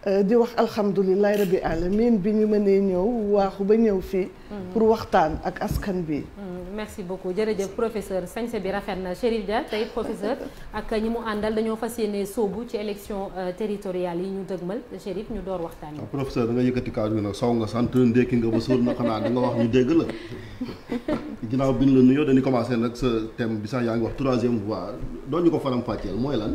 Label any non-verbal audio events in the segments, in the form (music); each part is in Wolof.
di wax alhamdulilah rabi alamin bi ñu mënee ñëw waaxu ba ñëw fii. pour waxtaan ak askan bi. merci beaucoup jërëjëf professeur sañse bi rafetna na Chérif Dia tay professeur ak ñimu àndal dañu fassiyene sobu ci élection territoriale yi ñu dëgmal Chérif ñu door waxtaan professeur da nga yëkëti kaaju gi saw nga sant ndek nga ba sul na xana da nga wax ñu dégg la ginaaw biñ la nuyo dañu commencé nak ce thème bi sax yaangi wax 3e voie doñu ko faram fàcceel moy lan.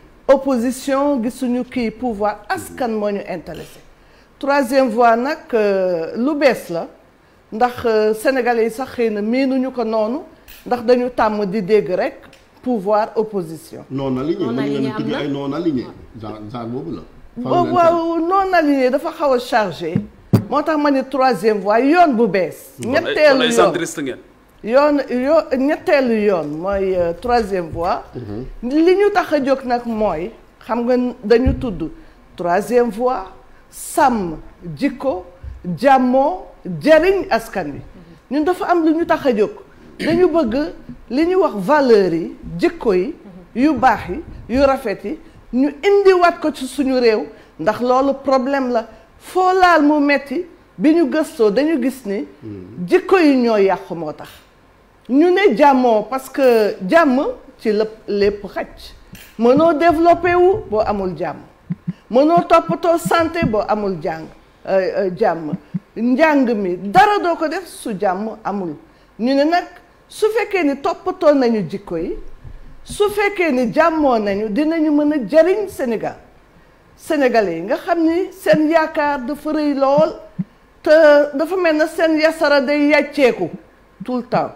opposition est le pouvoir askan nous intéressé troisième voie nak euh, lu la ndax euh, sénégalais sax meenuñu ko ndax dañu tam di dég rek pouvoir opposition. non aligné non aligné genre genre bobu la. non aligné dafa a chargé motax mané troisième voie yone bu yoon yoo ñetteelu yoon mooy euh, troisième voie. Mhm. li ñu tax a jóg nag mooy xam nga dañu tudd troisième voie sàmm jikko jàmmoo jariñ askan wi mhm. ñun dafa am lu ñu tax a jóg dañu bëgg li ñu wax valeurs yi jikko yi mhm. yu baax yi yu rafet yi ñu indiwaat ko ci suñu réew ndax loolu problème la foo laal mu metti bi ñu gëstoo dañu gis ni jikko yi ñoo yàqu moo tax ñu ne jàmmoo parce que jàmm ci lépp lépp xaj mënoo développé wu boo amul jàmm mënoo toppatoo santé boo amul jàng euh, euh, jàmm njàng mi dara doo ko def su jàmm amul ñu ne nag su fekkee ni toppatoo nañu jikko yi su fekkee ni jàmmoo nañu dinañu mën a jariñ Sénégal sénégalais yi nga xam ni seen yaakaar dafa rëy lool te dafa mel na seen yasara day yàcceeku tout le temps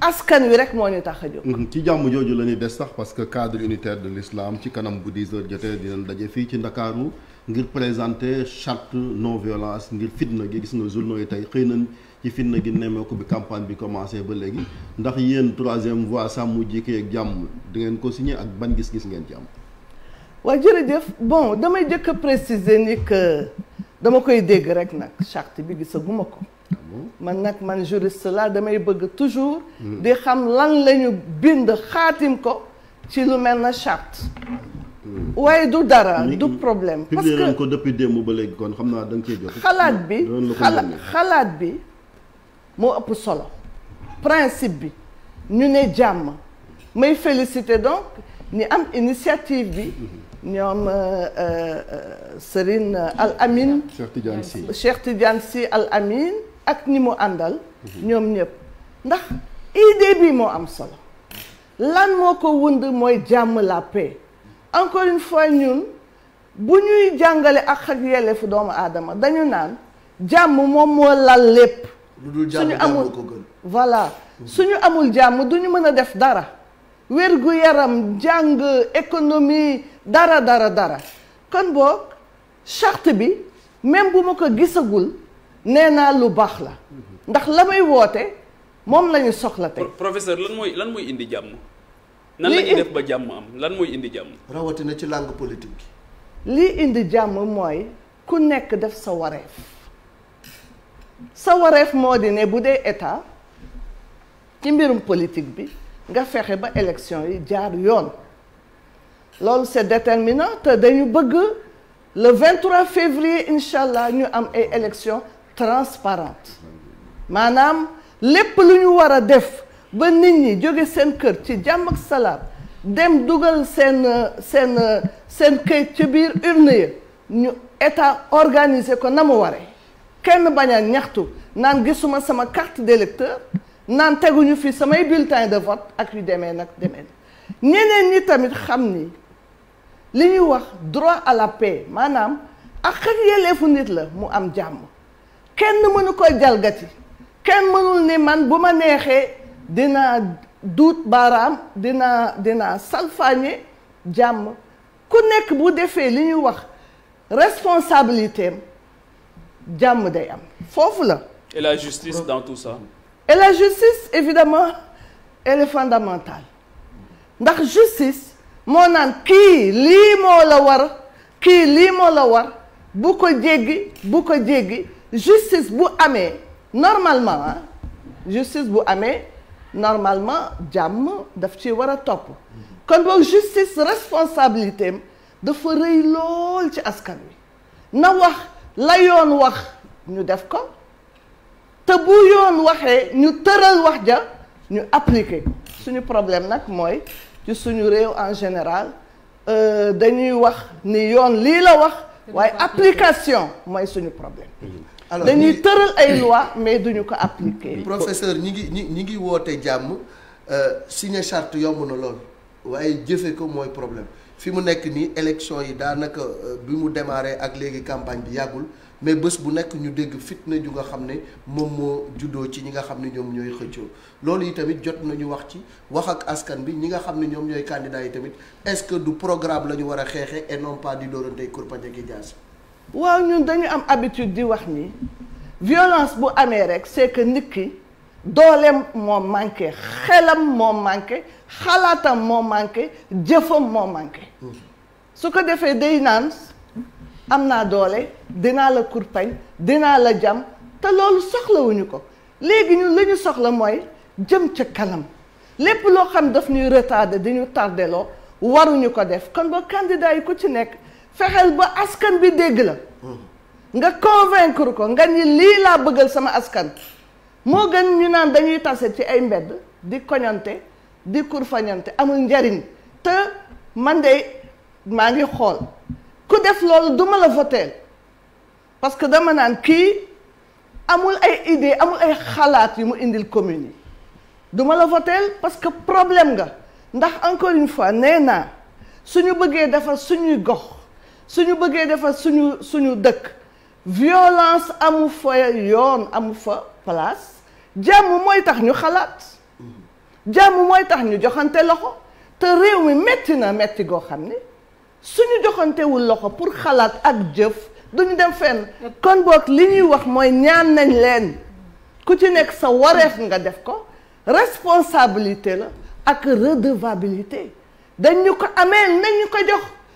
askan wi rek moo ñu tax a jóg. Mhm. ci jàmm jooju la ñuy des sax parce que cadre unitaire de l'islam ci kanam bu 10 heures jotee dinañ daje fii ci Ndakaaru ngir présenter charte non violence ngir fitna gi gis nga journaux yi tey xëy nañ ci fitna gi ko bi campagne bi commencé ba léegi ndax yéen troisième voie sàmm jikko ak jàmm di ngeen ko signé ak ban gis-gis ngeen ci am. waa jërëjëf bon damay jëkk a préciser ni dama koy dégg rek nag charte bi gisaguma ko. man nak man juriste la damay bëgg toujours di xam lan lañu bind xaatim ko ci lu melna na charte waaye du dara du problème parce que ko depuis démb ba léegi kon xamna dang da jox cee xalaat bi xalaat bi mo upp solo principe bi ñu né jamm may féliciter donc ni am initiative bi ñom euh euh, euh Serine Al Amin Cheikh Tidiane Sy Cheikh Tidiane Sy Al Amin ak ni mo andal ñom ñep ndax idée bi am solo lan wund la paix encore une fois ñun bu ñuy ak ak doomu aadama dañu naan jàmm moom moo lal voilà suñu amul duñu mmh. a def dara yaram jàng économie dara dara dara kon boog charte bi même nee naa lu baax la ndax la may woote moom lañu soxla tey. professeur lan mooy lan mooy indi jàmm. na la def ba jàmm am lan mooy indi jàmm. rawatina ci langue politique bi. lii indi jàmm mooy ku nekk def sa wareef sa wareef moo di ne bu dee état ci mbirum politique bi nga fexe ba élection yi jaar yoon loolu c'est déterminant te dañu bëgg le 23 février incha allah ñu am ay élection transparente maanaam lépp lu ñu war a def ba nit ñi jóge seen kër ci jàmm ak salaam dem dugal seen seen seen këyit ci biir urne ya ñu état organiser ko na mu waree kenn bañ ñaxtu naan gisuma sama carte d'électeur naan teguñu fi samay bulletin de vote ak yu demee nag demee ñeneen ñi tamit xam ni li ñuy wax droit à la paix maanaam ak xëy yelleefu nit la mu am jàmm kenn mënu ko jalgati kenn mënul ni man bu ma neexee dinaa duut baaraam dinaa dinaa salfaañe jàmm ku nekk bu defee li ñu wax responsabilité am jàmm day am foofu la. et la justice dans tout ça. et la justice évidemment elle est fondamentale ndax justice moo naan kii lii moo la war kii lii moo la war bu ko jéggi bu ko jéggi justice bu justice, normalement hein, justice bu amé normalement jam daf ci top. a justice responsabilité de ci askan na wax la yoon wax ñu def ko te bu yoon waxe ñu teural wax ja ñu appliquer suñu problème nak moy ci suñu réew en général euh, dañuy wax ni yoon li la wax waaye application mooy suñu problème mm-hmm. dañuy tëral ay loi mais duñu ko appliquer. (coughs) professeur ñi ngi ñi ñi ngi woote jàmm euh, signer charte yomb na lool waaye jëfe ko mooy problème fi mu nekk nii élection yi daanaka euh, bi mu démarré ak léegi campagne bi yàggul mais bés bu nekk ñu dégg fitna ju nga xam ne moom moo juddoo ci ñi nga xam ne ñoom ñooy xëcco loolu yi tamit jot nañu wax ci wax ak askan bi ñi nga xam ne ñoom ñooy candidats yi tamit est-ce que du programme la ñu war a xeexee et non pas di dóorante kurpañ ak jaas waaw ñun dañu am habitude di wax ni violence bu amee rek c'est que nit ki dooleem moo manqué xelam moo manqué xalaatam moo manqué jëfam moo manqué su ko defee day naan am naa doole dinaa la kurpañ dinaa la jam te loolu soxlawuñu ko léegi ñun li soxla mooy jëm ca kanam lépp loo xam daf ñuy retardé di ñu tardeloo waruñu ko def kon ba candidat yi ku ci nekk fexeel ba askan bi dégg la nga convaincre ko nga ni lii laa bëggal sama askan moo gën ñu naan dañuy tase ci ay mbedd di koñante di kurfañante amul njariñ te man de maa ngi xool ku def loolu duma la voteel parce que dama naan kii amul ay idée amul ay xalaat yu mu indil commune yi duma la voteel parce que problème nga ndax encore une fois nee naa suñu bëggee defar suñuy gox suñu bëggé defar suñu suñu dëkk violence amu fa yoon amu fa place jamm moy tax ñu xalaat jamm moy tax ñu loxo te réew mi metti na metti go xamné suñu joxanté loxo pour xalaat ak jëf duñu dem fenn kon li ñuy wax responsabilité la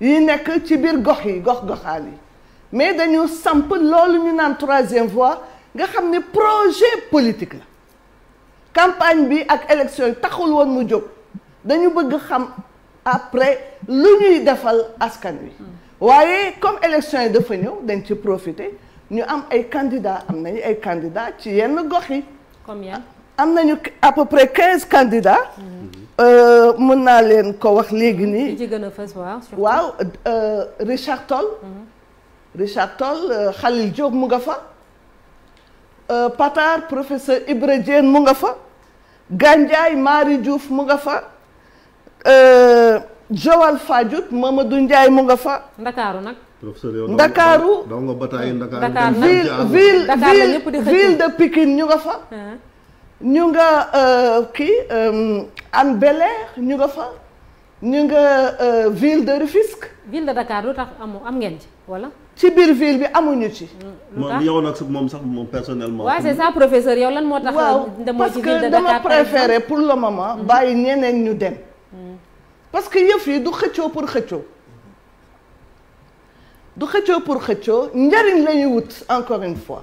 yi ci bir gox yi gox goxaan yi mais dañu samp loolu ñu naan troisième voie nga xam ne projet politique la campagne bi ak élection yi taxul woon mu jóg dañu bëgg xam après lu ñuy defal askan wi hmm. waaye comme élection yi dafa ñëw dañ ci profiter ñu am ay candidats am nañu ay candidats ci yenn gox yi. combien am nañu à peu près 15 candidats. Hmm. mën naa leen ko wax léegi nii. gën a fës waaw. waaw Richard Toll. Richard Toll Khalil Diop mu nga fa. Patar professeur Ibra Diène mu nga fa. Gandiaye Marie Diouf mu nga fa. jowal Joal Fadiouth du Ndiaye mu nga fa. Ndakaaru nag. Ndakaaru. donc bataay Ndakaaru. ville ville ville de Pikine ñu nga fa. ñu nga euh, kii Hann euh, Bel-Air ñu nga fa ñu nga euh, ville de Rufisque. ville de Dakar lu tax amu am ngeen ci wala. ci biir ville bi amuñu ci. lu tax yow nag moom sax moom personnellement. waaw c'est ça lan moo tax. demoo ci ville de parce que dama préféré pour le moment. Mm-hmm. bàyyi ñeneen ñu dem. Mm-hmm. parce que yëf yi du xëccoo pour xëccoo. Mm-hmm. du xëccoo pour xëccoo njariñ la ñuy wut encore une fois.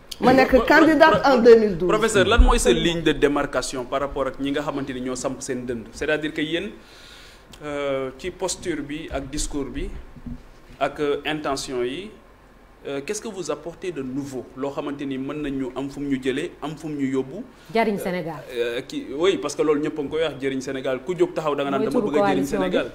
Je suis candidat en 2012. professeur lan mooy cette ligne de démarcation par rapport ak ñi nga xamante ni ñoo samp seen dënd c'est-à-dire que yéen euh, ci posture bi ak discours bi ak euh, intention yi euh, qu'est-ce que vous apportez de nouveau loo xamante ni mën nañu am fu mu ñu jëlee am fu mu ñu yóbbu. jëriñ Sénégal. oui parce que loolu ñëpp a ngi koy wax jëriñ Sénégal ku jóg taxaw da nga naan dama bëgg Sénégal.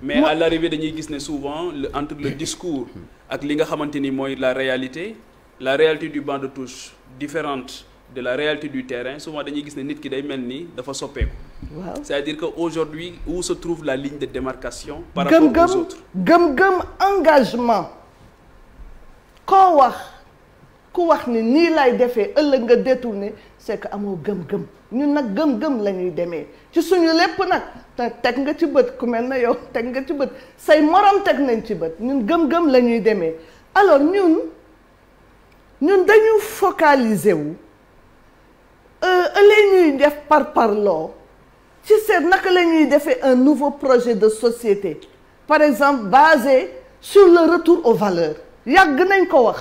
mais Moi... à l'arrivée dañuy gis souvent entre le discours ak li nga xamante ni la réalité la réalité du banc de touche différente de la réalité du terrain souvent dañuy gis ne nit ki day mel ni dafa soppeeku. waaw c'est-à-dire que aujourd'hui où se trouve la ligne de démarcation. par rapport aux autres gëm-gëm engagement. koo wax ku wax ni la lay defee ëllëg détourné c'est que amo gëm-gëm ñun nag gëm-gëm la ñuy demee ci suñu lépp nag te teg nga ci bët ku mel na yow teg nga ci bët say morom teg nañ ci bët ñun gëm-gëm la nuit demee alors ñun nous dañu focaliser nous. Euh, les ñuy def par parloo ci seet naka un nouveau projet de société par exemple basé sur le retour aux valeurs Il y a wax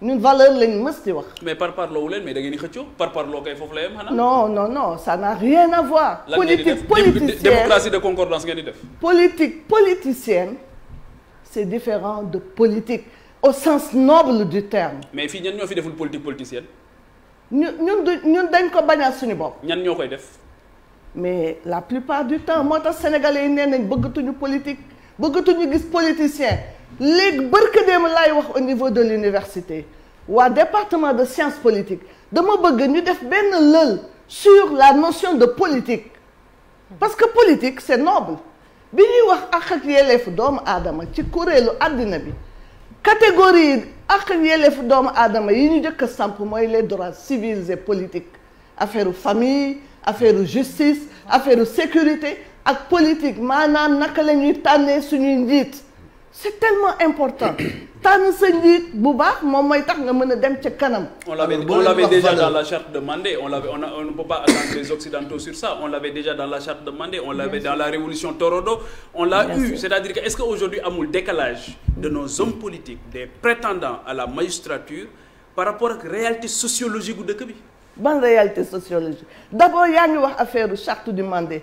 ñun valeur lañ wax. mais par par wu mais da ngeen par parlo kay foofu la yem non non non ça n'a rien à voir. politique politicienne démocratie de concordance def. politique politicienne c'est différent de politique au sens noble du terme. mais nous, ñan ñoo de deful politique politicienne. nous ñun du ñun dañ ko bañal suñu bopp. ñan ñoo def. mais la plupart du temps moi les sénégalais yi nee nañ bëggatuñu politique bëggatuñu gis politicien léegi barke dem laay wax au niveau de l'université ou au département de sciences politiques dama bëgg ñu def benn lël sur la notion de politique parce que politique c'est noble bi ñuy wax ak ak adam doomu aadama ci kuréelu àddina catégorie ak yelleef doomu aadama yi ñu jëkk a samp mooy les droits civils et politiques affaire famille affaire justice affaire sécurité ak politique maanaam naka la ñuy tànnee suñuy njiit c'est tellement important (coughs) Tant que bu tax nga on l'avait euh, déjà dans la charte de Mandé on ne peut pas attendre les occidentaux sur ça on l'avait déjà dans la charte de Mandé on l'avait dans la révolution Torodo on l'a eu c'est-à-dire que est-ce y a un décalage de nos hommes politiques des prétendants à la magistrature par rapport à la réalité sociologique de de bi. ban réalité sociologique d'abord il y a une affaire charte du Mandé.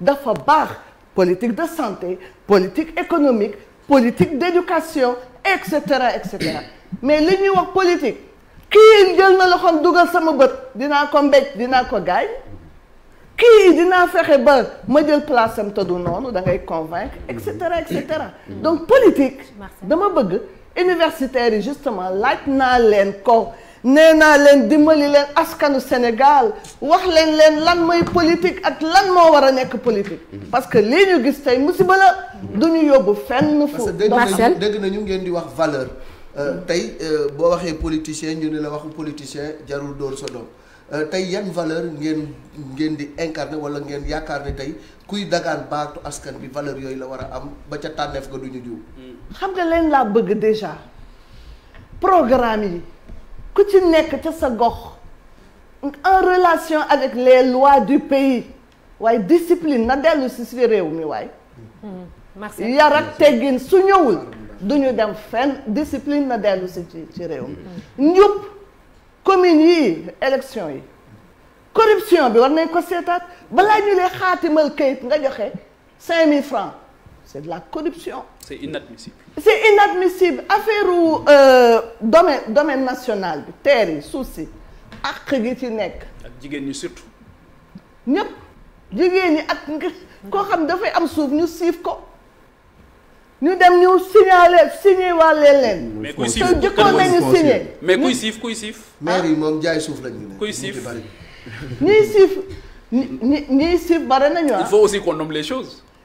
dafa baax politique de santé politique économique politique d'éducation etc etc mais li ñu wax politique ki jël na loxom dugal sama bëtt dina ko mbéj dinaa ko gaañ kii dinaa fexe ba ma jël place am te du da ngay convaincre etc etc donc politique dama bëgg universitaire justement laaj n'a leen ko nee naa leen dimbali leen askanu Sénégal wax leen leen lan mooy politique ak lan moo war a nekk politique. parce que lii ñu gis tey si la. du ñu yóbbu fenn fu. Marcel dégg nañu ngeen di wax valeur. Euh, tey euh, boo waxee politicien ñu ne la waxu politicien jarul dóor sa doom euh, tey yan valeur ngeen ngeen di incarné wala ngeen yaakaar ne tey kuy dagaan baatu askan bi valeur yooyu la war a am ba ca tànneef ko du ñu jiw. xam nga leen laa bëgg déjà programme yi. ku ci nekk ca sa gox en relation avec les lois du pays waaye discipline na dellu si si réew mi waay hmm, yar ak teggin su ñëwul duñu dem fenn discipline na dellu si ci ci réew hmm. commune yi élection yi corruption bi war nañ ko seetaat balaa ñu lay xaatimal kayit nga joxe cinq mille francs c'est de la corruption. C'est inadmissible. C'est inadmissible affaire u euh, domaine national terre souci, suuf si ak gi ci nekk. ak jigéen surtout. ñëpp jigéen ñi ak souvenir, koo xam dafay am suuf ñu siif ko ñu dem ñu signaler mais c'est quoi jëkkoon nañu mais c'est quoi kuy siif. maire yi moom jaay lañu ne. kuy ah. il faut aussi qu'on nomme les choses.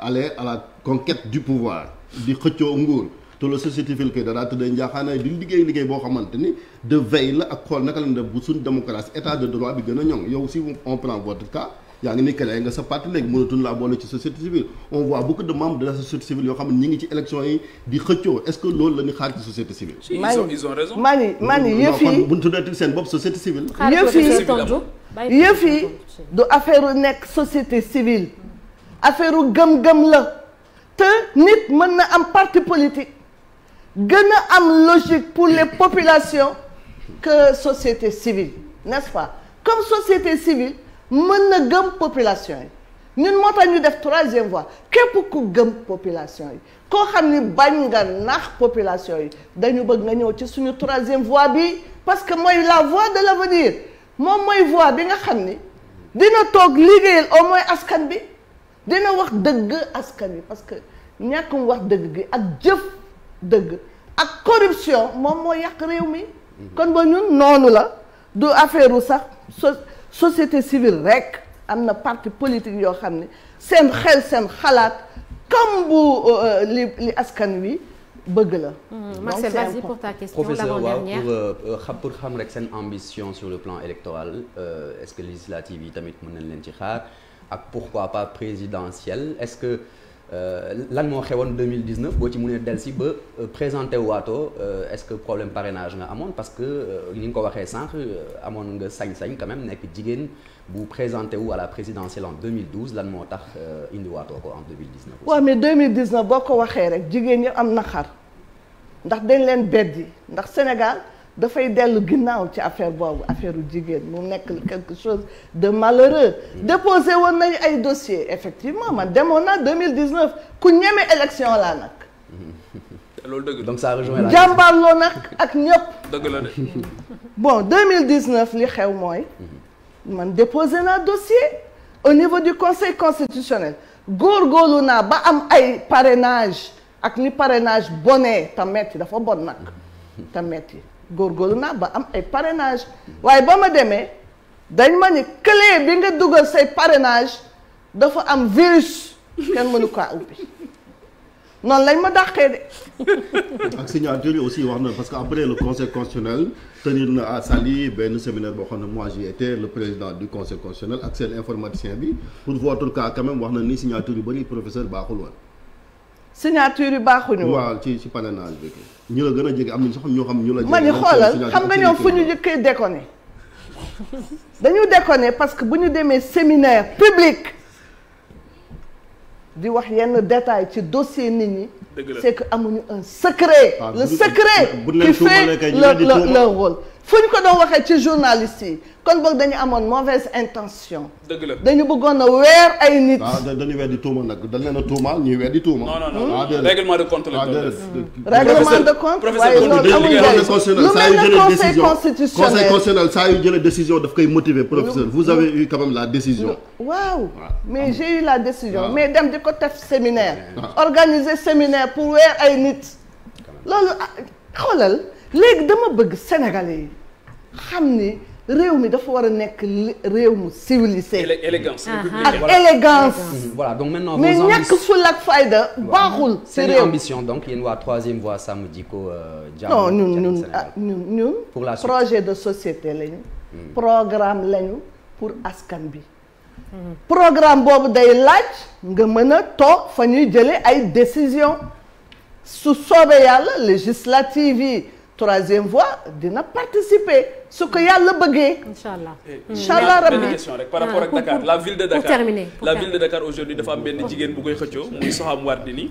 aller à la conquête du pouvoir di xëccoo nguur te la société civile kay danaa tëddee njaaxaanaay di liggéey liggéey boo xamante ni de veille la ak xool naka la def bu suñ démocratie état de droit bi gën a ñoŋ yow si on prend votre cas yaa ngi nekk créé nga sa parti léegi mënatuñ laa boole ci société civile on voit beaucoup de membres de la société civile yoo xam ne ñi ngi ci élection yi di xëccoo est-ce que loolu la ñu xaar ci société civile. ils mani, ils ont raison. maa ngi maa ngi yëf yi bu ñu tuddee seen bopp société civile. yëf yi yëf yi du affaire nekk société civile affaire gam gam la te nit meuna un am parti politique gën am logique pour les populations que société civile n'est-ce pas comme société civile nous gam population Nous ñun moo def troisième voie képp ku gëm population yi koo ni bañ nga nax population yi dañu bëgg nga ñëw ci suñu troisième voie bi parce que moy la voie de l'avenir mom moy voie bi nga xamni dina tok liggéeyal au moins askan bi dina wax dëgg askan wi parce que ñàkkum wax dëgg gi ak jëf dëgg ak corruption moom moo yàq réew mi kon ba ñun noonu la du affaire sax société civile rek am parti politique yo xam ne seen xel seen xalaat comme bu euh, euh, les li askan wi bëgg la. Hmm, Marcel, vas-y pour ta question. professeur pour euh, xam pour xam rek seen ambition sur le plan électoral est-ce que législative yi tamit mën nañ leen ci xaar ak pourquoi pas présidentielle est-ce que euh, l'année 2019 boo ci mënee vous si euh, présenter euh, est-ce que problème parrainage nga parce que ni nga ko waxee sànq amoon nga sañ-sañ quand même nekk qui bu présenté à la présidentielle en 2012 l'année moo tax indi waatoo ko en 2019. waaw mais 2019 boo ko waxee rek jigéen ñi am naqar ndax dañ leen beddi ndax Sénégal des ci affaire quelque chose de malheureux déposer dossier effectivement man 2019 ku élection (laughs) donc ça rejoint la (laughs) bon 2019 li xew man déposé un dossier au niveau du conseil constitutionnel góorgóorlu na ba am parrainage parrainage bon góorgóorlu ba am ay parrainage waye ba ma demee dañ ma ni clé bi nga dugal say parrainage dafa am virus ken mënu kaa ubbi non lañ ma daxé dé ak signature yi aussi wax na parce que après le conseil constitutionnel tenir na à Sali Ben, séminaire boo xam moi j'y étais le président du conseil constitutionnel ak seen informaticien bi pour voir tout cas quand même wax na ni signature yu bëri professeur baaxul signature yu ñu waaw ci ci parrainage bi ñu la gëna a am ñu sax xam ñu la. ma ni xolal xam nga ñoo fu ñu déconné dañu déconné parce que bu ñu demee séminaire public di wax yenn détail ci dossier nit ñi c'est que amuñu un secret. Ah, le secret qui fait le leur rôle. Il faut ko doon waxee ci journaliste yi kon boog dañu mauvaise intention. dëgg la dañu bëggoon a weer ay nit. ah dañu weer di tuuma nag dañ leen a tuumaal ñuy di tuuma. non non non ah, règlement de compte la. Ah, hmm. règlement de compte waaye loolu amul njëriñ lu conseil constitutionnel conseil constitutionnel eu yu décision daf koy motiver professeur vous avez eu quand même la décision. waaw mais j'ai eu la décision mais d'un di ko séminaire. organiser séminaire. Pour pour weer ay nit loolu ah, xoolal léegi dama bëgg sénégalais yi xam ni réew mi dafa war a nekk réew civilisé ah, ah. élégance élégance voilà donc maintenant mais ñàkk ful ak fayda baaxul C'est une ambition donc a une troisième voie sàmm jikko jàmm non non, non, ñun ñun pour la projet de société lañu hmm. programme lañu pour askan bi programme bobu day laaj nga mën a fa ñuy jëlé ay décision su soobee yàlla législative troisième voie dina participer su ko yàlla bëggee. incha allah hmm. incha allah rabbi question rek par ah, rapport ak Dakar la ville de Dakar la ville de Dakar aujourd'hui dafa am ben jigen bu koy xëccoo muy Soham Wardini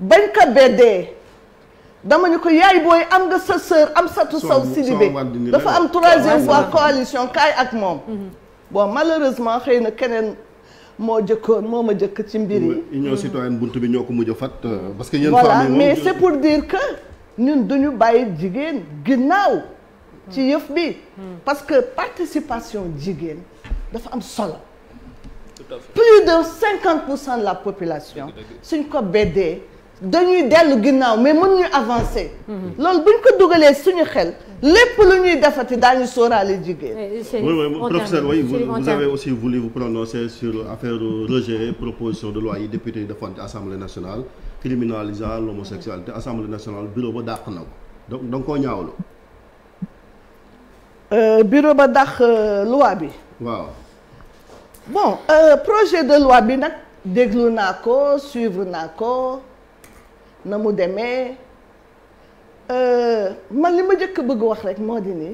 Banka ko dama ñu ko yaay boy am nga sa sœur am satu saw Sidibé dafa am troisième voie coalition kay ak mom. Mhm. bon malheureusement xeyna kenen mo moo moma moo jëkk ci mbir yi union mhm. citoyenne buntu bi ñoko ko a fat euh, parce que yéen voilà mais c'est pour dire que ñun duñu bàyyi jigéen ginnaaw ci mhm. yëf bi parce que participation jigéen dafa am solo plus de 50% de la population suñ ko beddee dañuy dellu ginnaaw mais mën ñu avancer. loolu buñ ko dugalee suñu xel. lépp lu ñuy defati daañu sóoraale jigéen. oui oui professeur oui vous, vous avez aussi voulu vous prononcer sur affaire rejet proposition de loi yi député yi defoon ci assemblée nationale criminalisant l'homosexualité assemblée nationale bureau ba dàq na donc da nga koo ñaawlu. Euh, bureau ba dàq euh, loi bi. waaw. bon euh, projet de loi bi nag déglu naa ko suivre naa na mu demee euh, man li jëk bëgg wax rek moo di ni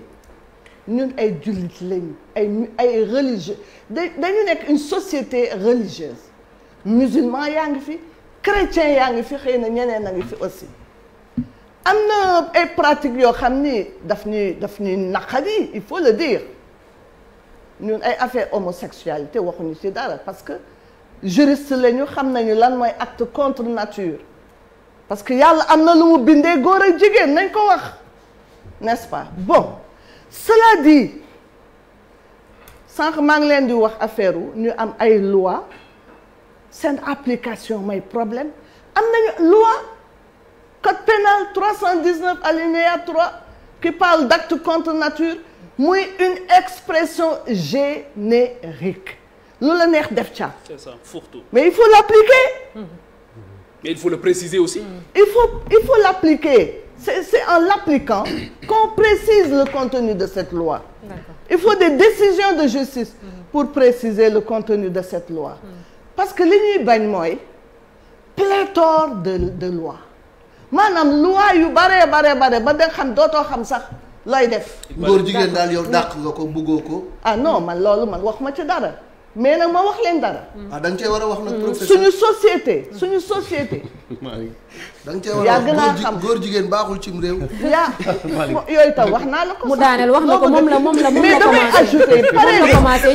ñun ay jullit lañ ay ay religieux dañu nekk une société religieuse musulman ya nga fi chrétien ya nga fi xëy ñeneen nga fi aussi amna ay pratique yo xamni daf ni daf ni naqari il faut le dire ñun ay affaire homosexualité waxuñu ci dara parce que juriste lañu xam nañu lan moy acte contre nature parce que yàlla am na lu mu bindee góor ko n'est-ce pas bon cela dit sans que ngi leen di wax nous avons une ay loi une application un problème avons une loi code pénal 319 alinéa 3 qui parle d'actes contre nature c'est une expression générique Nous c'est ça, fourre mais il faut l'appliquer. Hum. Mais il faut le préciser aussi. Mm. Il faut il faut l'appliquer. C'est en l'appliquant (coughs) qu'on précise le contenu de cette loi. Il faut des décisions de justice mm. pour préciser le contenu de cette loi. Mm. Parce que li ñuy bañ mooy pléthore de de loi Manam loi yu bare bare bare ba de xam doto xam sax looy def. ngor jigéen dal yow dàq lako bugo ko. ah non man loolu man wax ma ci dara. mais nag ma wax leen dara. ah da nga cee war a wax na hmm. professeur suñu société suñu société. da nga cee war a wax góor jigéen baaxul cim réew. yaa yooyu wax naa la ko. mu wax na ko moom moom la moom la commencé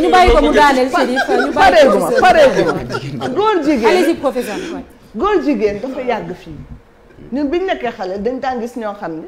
moom la commencé ñu jigéen allez yàgg fii ñun biñ nekkee xale dañ daan gis ñoo xam ne.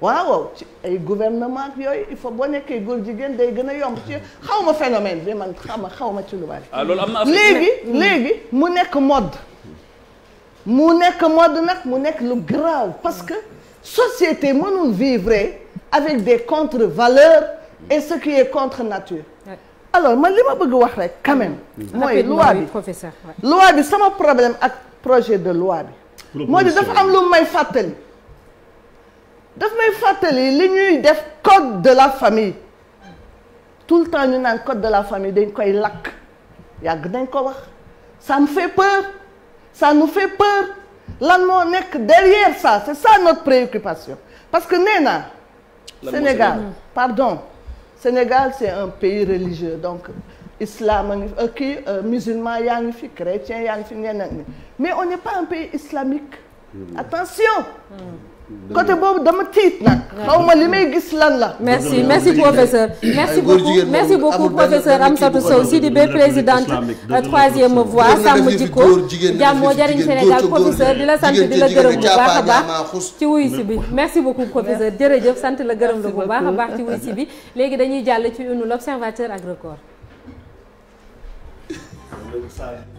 waaw ci ay gouvernement ak yooyu il faut boo nekkee góor jigéen day gën a yomb ci xaw ma phénomène bi man xaw xaw ma ci lu bari. Ah, loolu am léegi hmm. léegi mu nekk mode. mu nekk mode nag mu nekk lu grave parce que société mënul vivre avec des contre-valeurs et ce qui est contre nature. alors man li ma bëgg wax rek quand même. mooy loi bi professeur loi bi sama problème ak projet de loi bi. moo di dafa am lu may fàttali daf may fàttali li ñuy def code de la famille tout le temps ñu naan code de la famille dañ koy lakk yàgg nañ ko wax ça me fait peur ça nous fait peur Là moo nekk derrière ça c'est ça notre préoccupation parce que nee Sénégal pardon Sénégal c'est un pays religieux donc islam a ngi euh, euh, musulman yaa ngi fi chrétien yaa ngi mais on n'est pas un pays islamique hmm. attention hmm côté boobu dama tiit nak xaw limay gis lan la. merci merci professeur. merci beaucoup merci beaucoup professeur Amsatou Sow Sidibé présidente euh, troisième voie sàmm jikko jàmmoo jariñ Sénégal professeur dila la sant di gërëm bu baaxa baax ci wuy ci bi merci beaucoup professeur (laughs) jërëjëf sant la gërëm la bu baaxa baax ci wuy ci bi légui dañuy jall ci une l'observateur ak (laughs)